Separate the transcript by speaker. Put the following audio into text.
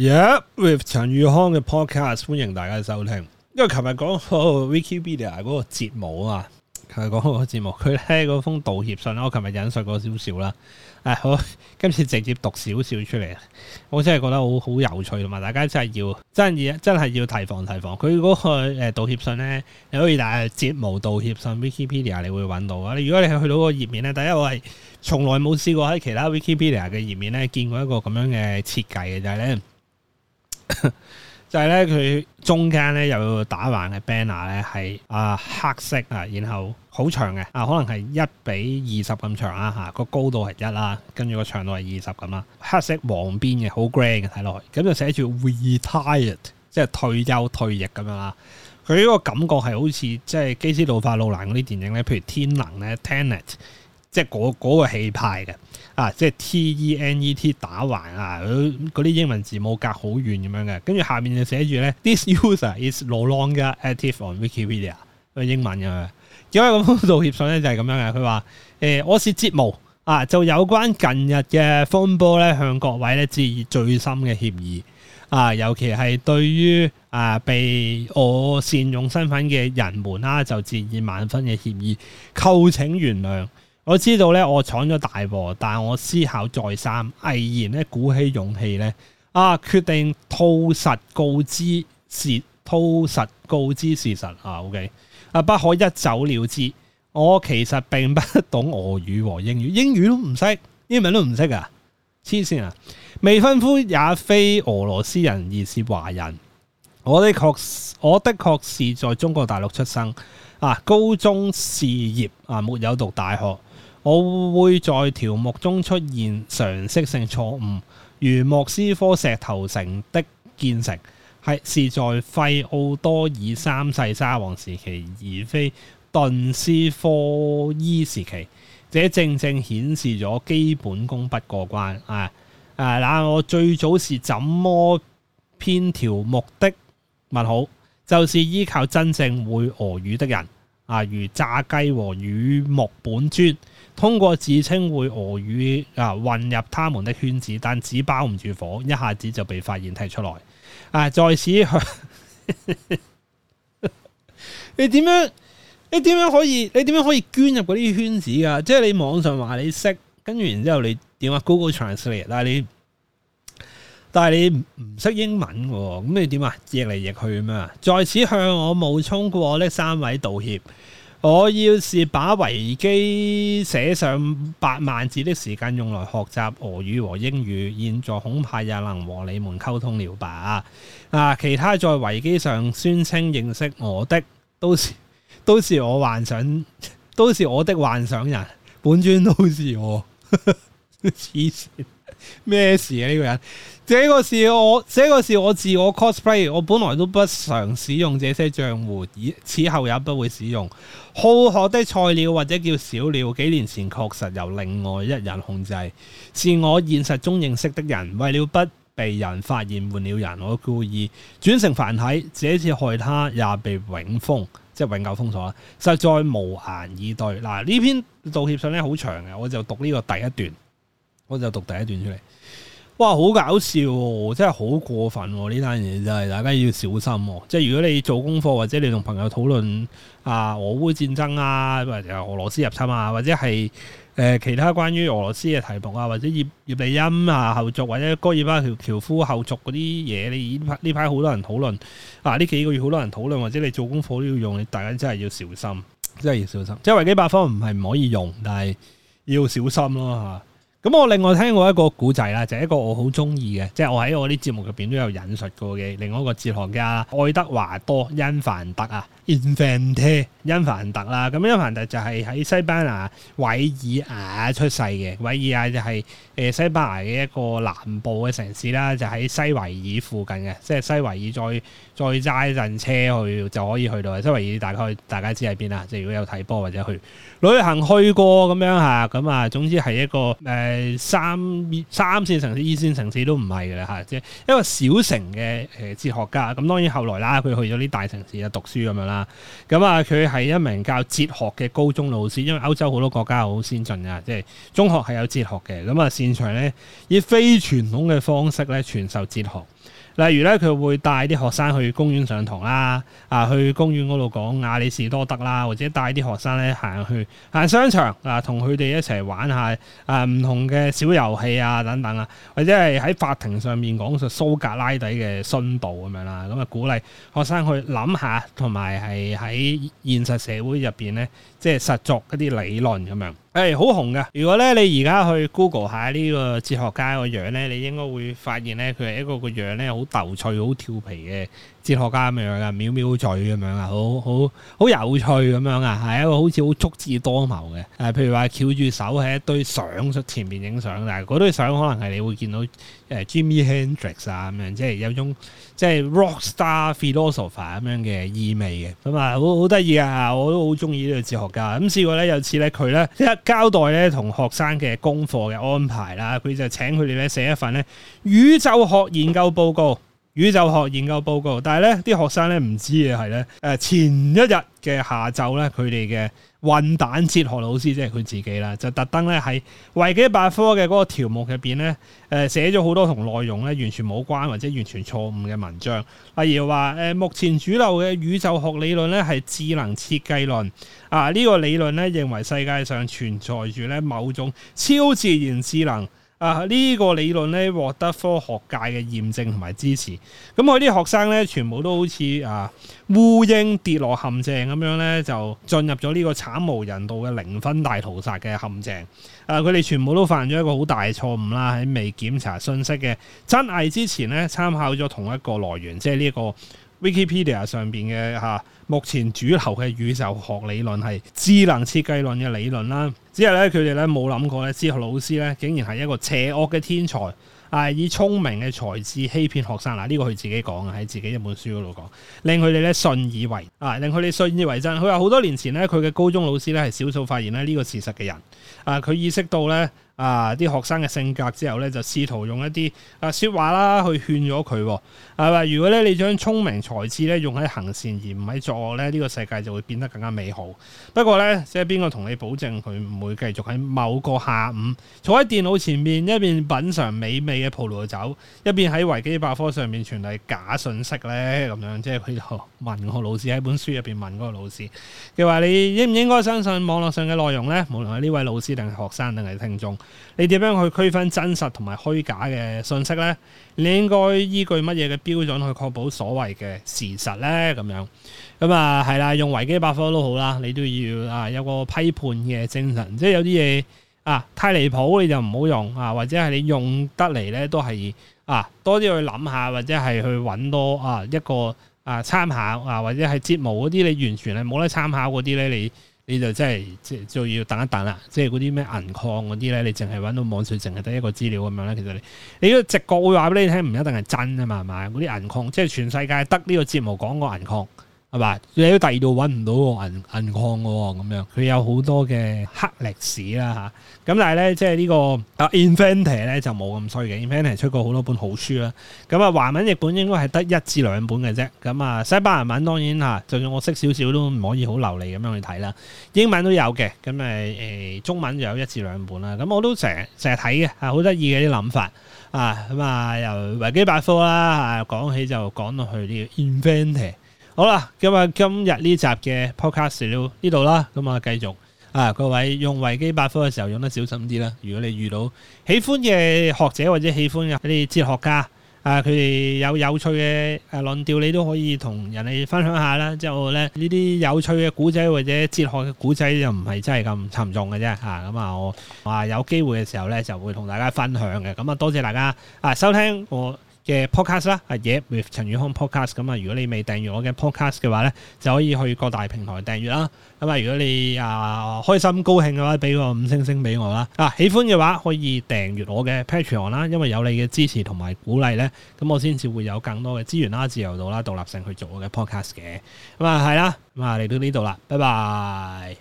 Speaker 1: Yep，with 陳宇康嘅 podcast，歡迎大家收聽。因為琴日講嗰個 Wikipedia 嗰個節目啊，琴日講嗰個節目，佢喺嗰封道歉信咧，我琴日引述過少少啦。誒、哎，好，今次直接讀少少出嚟，我真係覺得好好有趣同埋，大家真係要真係真係要提防提防。佢嗰個誒道歉信咧，你可以喺節目道歉信 Wikipedia 你會揾到啊。如果你係去到個頁面咧，第一，我係從來冇試過喺其他 Wikipedia 嘅頁面咧，見過一個咁樣嘅設計嘅就係、是、咧。 就係咧，佢中間咧有打橫嘅 banner 咧，係啊黑色啊，然後好長嘅啊，可能係一比二十咁長啊吓，個高度係一啦，跟住個長度係二十咁啦，黑色黃邊嘅，好 grand 嘅睇落去，咁就寫住 retired，即係退休退役咁樣啦。佢呢個感覺係好似即係基斯杜化路蘭嗰啲電影咧，譬如天能咧 Tenet。即係嗰嗰個氣派嘅，啊！即係 T E N E T 打橫啊，嗰、啊、啲英文字母隔好遠咁樣嘅，跟住下面就寫住咧，This user is no longer active on Wikipedia，係英文嘅。因為個道歉信咧就係咁樣嘅，佢話誒，我是節目啊，就有關近日嘅風波咧，向各位咧致以最深嘅歉意啊，尤其係對於啊被我擅用身份嘅人們啦、啊，就致以萬分嘅歉意，叩請原諒。我知道咧，我闖咗大禍，但我思考再三，毅然咧鼓起勇氣咧，啊，決定吐實告知事，吐實告知事實啊。OK，啊，不可一走了之。我其實並不懂俄語和、啊、英語，英語都唔識，英文都唔識啊。黐線啊！未婚夫也非俄羅斯人，而是華人。我的確，我的確是在中國大陸出生。啊，高中肄業啊，沒有讀大學。我會在條目中出現常識性錯誤，如莫斯科石頭城的建成係是在費奧多爾三世沙皇時期，而非頓斯科伊時期。這正正顯示咗基本功不過關啊！啊，嗱，我最早是怎麼編條目的問好，就是依靠真正會俄語的人啊，如炸雞和魚木本尊。通過自稱會俄語啊，混入他們的圈子，但紙包唔住火，一下子就被發現踢出來。啊，在此向 你點樣？你點樣可以？你點樣可以捐入嗰啲圈子噶？即係你網上話你識，跟住然之後你點啊？Google Translate，但係你但係你唔識英文嘅，咁你點啊？譯嚟譯去咩啊？在此向我冒充過呢三位道歉。我要是把維基寫上八萬字的時間用來學習俄語和英語，現在恐怕也能和你們溝通了吧？啊，其他在維基上宣稱認識我的，都是都是我幻想，都是我的幻想人，本尊都是我， 黐線。咩事啊？呢個人，這個是我，這個是我自我 cosplay，我本來都不常使用這些賬戶，以此後也不會使用。好學的菜鳥或者叫小鳥，幾年前確實由另外一人控制，是我現實中認識的人。為了不被人發現換了人，我故意轉成繁體。這次害他，也被永封，即係永久封鎖。實在無顏以對。嗱，呢篇道歉信咧好長嘅，我就讀呢個第一段。我就讀第一段出嚟，哇！好搞笑，哦，真係好過分，哦。呢單嘢，真係大家要小心，哦。即係如果你做功課或者你同朋友討論啊俄烏戰爭啊，或者俄羅斯入侵啊，或者係誒、呃、其他關於俄羅斯嘅題目啊，或者葉葉利欽啊後續，或者戈爾巴喬夫後續嗰啲嘢，你呢排好多人討論啊，呢幾個月好多人討論，或者你做功課都要用，大家真係要小心，真係要小心。即係維基百科唔係唔可以用，但係要小心咯，哦，吓。啊咁我另外聽過一個古仔啦，就係一個我好中意嘅，即係我喺我啲節目入邊都有引述過嘅。另外一個哲學家愛德華多·恩凡特啊，Inventer 恩凡特啦，咁恩凡特就係喺西班牙韋爾雅出世嘅，韋爾雅就係誒西班牙嘅一個南部嘅城市啦，就喺西維爾附近嘅，即係西維爾再再揸一陣車去就可以去到。西維爾大概大家知喺邊啦，即係如果有睇波或者去旅行去過咁樣嚇，咁啊，總之係一個誒。呃誒，三三線城市，二線城市都唔係嘅啦吓，即係因為小城嘅，誒哲學家，咁當然後來啦，佢去咗啲大城市啊讀書咁樣啦，咁啊佢係一名教哲學嘅高中老師，因為歐洲好多國家好先進啊，即係中學係有哲學嘅，咁啊擅長咧以非傳統嘅方式咧傳授哲學。例如咧，佢會帶啲學生去公園上堂啦，啊，去公園嗰度講亞里士多德啦，或者帶啲學生咧行去行商場啊，同佢哋一齊玩下啊，唔同嘅小遊戲啊，等等啊，或者係喺法庭上面講述蘇格拉底嘅殉道咁樣啦，咁啊鼓勵學生去諗下，同埋係喺現實社會入邊咧，即係實作一啲理論咁樣。哎，好紅㗎，如果咧你而家去 Google 下呢個哲學家個樣咧，你應該會發現咧佢係一個個樣咧好逗趣、好跳皮嘅。哲學家咁樣噶，藐藐嘴咁樣啊，好好好，好有趣咁樣啊，係一個好似好足智多謀嘅，誒、啊，譬如話翹住手喺一堆相出前面影相，但係嗰堆相可能係你會見到誒、呃、Jimi Hendrix 啊咁樣，即係有種即係 rock star philosopher 咁樣嘅意味嘅，咁、嗯、啊，好好得意啊，我都好鍾意呢個哲學家。咁、嗯、試過咧，有次咧，佢咧一交代咧，同學生嘅功課嘅安排啦，佢就請佢哋咧寫一份咧宇宙學研究報告。宇宙學研究報告，但係咧啲學生咧唔知嘅係咧，誒前一日嘅下晝咧，佢哋嘅混蛋哲學老師即係佢自己啦，就特登咧喺《維基百科》嘅嗰個條目入邊咧誒寫咗好多同內容咧完全冇關或者完全錯誤嘅文章，例如話誒目前主流嘅宇宙學理論咧係智能設計論啊，呢個理論咧認為世界上存在住咧某種超自然智能。啊！呢個理論咧獲得科學界嘅驗證同埋支持。咁佢啲學生咧，全部都好似啊烏蠅跌落陷阱咁樣咧，就進入咗呢個慘無人道嘅零分大屠殺嘅陷阱。啊！佢哋全部都犯咗一個好大錯誤啦，喺未檢查信息嘅真偽之前咧，參考咗同一個來源，即係呢個 Wikipedia 上邊嘅嚇。啊目前主流嘅宇宙學理論係智能設計論嘅理論啦，之後咧佢哋咧冇諗過咧，資學老師咧竟然係一個邪惡嘅天才，啊，以聰明嘅才智欺騙學生嗱，呢個佢自己講嘅喺自己一本書嗰度講，令佢哋咧信以為啊，令佢哋信以為真。佢話好多年前咧，佢嘅高中老師咧係少數發現咧呢個事實嘅人，啊佢意識到咧。啊！啲學生嘅性格之後呢，就試圖用一啲、啊、説話啦去勸咗佢、哦。係、啊、咪？如果咧，你將聰明才智呢用喺行善而唔喺作惡咧，呢個世界就會變得更加美好。不過呢，即係邊個同你保證佢唔會繼續喺某個下午坐喺電腦前面一邊品嚐美味嘅葡萄酒，一邊喺維基百科上面傳嚟假信息呢？咁樣？即係佢問個老師喺本書入邊問嗰個老師：，佢話你應唔應該相信網絡上嘅內容呢？無論係呢位老師定係學生定係聽眾。你點樣去區分真實同埋虛假嘅信息呢？你應該依據乜嘢嘅標準去確保所謂嘅事實呢？咁樣咁啊係啦，用維基百科都好啦，你都要啊有個批判嘅精神，即係有啲嘢啊太離譜你就唔好用啊，或者係你用得嚟呢，都係啊多啲去諗下，或者係去揾多啊一個啊參考啊，或者係折毛嗰啲你完全係冇得參考嗰啲呢。你。你就真係即係就要等一等啦，即係嗰啲咩銀礦嗰啲咧，你淨係揾到網上淨係得一個資料咁樣呢。其實你，你個直覺會話俾你聽，唔一定係真啊嘛，係咪？嗰啲銀礦即係全世界得呢個節目講過銀礦。係嘛？你喺第二度揾唔到個銀銀礦喎、喔，咁樣佢有好多嘅黑歷史啦、啊、嚇。咁但係咧，即、這、係、個、呢個 Inventer 咧就冇咁衰嘅。Inventer 出過好多本好書啦、啊。咁啊，華文譯本應該係得一至兩本嘅啫。咁啊，西班牙文當然嚇，就算我識少少都唔可以好流利咁樣去睇啦。英文都有嘅，咁咪誒中文就有一至兩本啦。咁我都成日成日睇嘅，係好得意嘅啲諗法啊。咁啊，由維基百科啦啊講起就講到去呢個 Inventer。In 好啦，咁啊，今日呢集嘅 podcast 就到呢度啦，咁、嗯、啊，繼續啊，各位用維基百科嘅時候用得小心啲啦。如果你遇到喜歡嘅學者或者喜歡嘅一啲哲學家啊，佢哋有有趣嘅誒論調，你都可以同人哋分享下啦。即、就、係、是、我咧呢啲有趣嘅古仔或者哲學嘅古仔，就唔係真係咁沉重嘅啫吓。咁啊，啊，我話、啊、有機會嘅時候咧，就會同大家分享嘅。咁啊，多謝大家啊，收聽我。嘅 podcast 啦，阿嘢、啊、with 陳宇康 podcast 咁、嗯、啊！如果你未訂閱我嘅 podcast 嘅話咧，就可以去各大平台訂閱啦。咁、嗯、啊，如果你啊開心高興嘅話，俾個五星星俾我啦。啊，喜歡嘅話可以訂閱我嘅 patreon 啦，因為有你嘅支持同埋鼓勵咧，咁我先至會有更多嘅資源啦、自由度啦、獨立性去做我嘅 podcast 嘅。咁、嗯、啊，係啦，咁啊嚟到呢度啦，拜拜。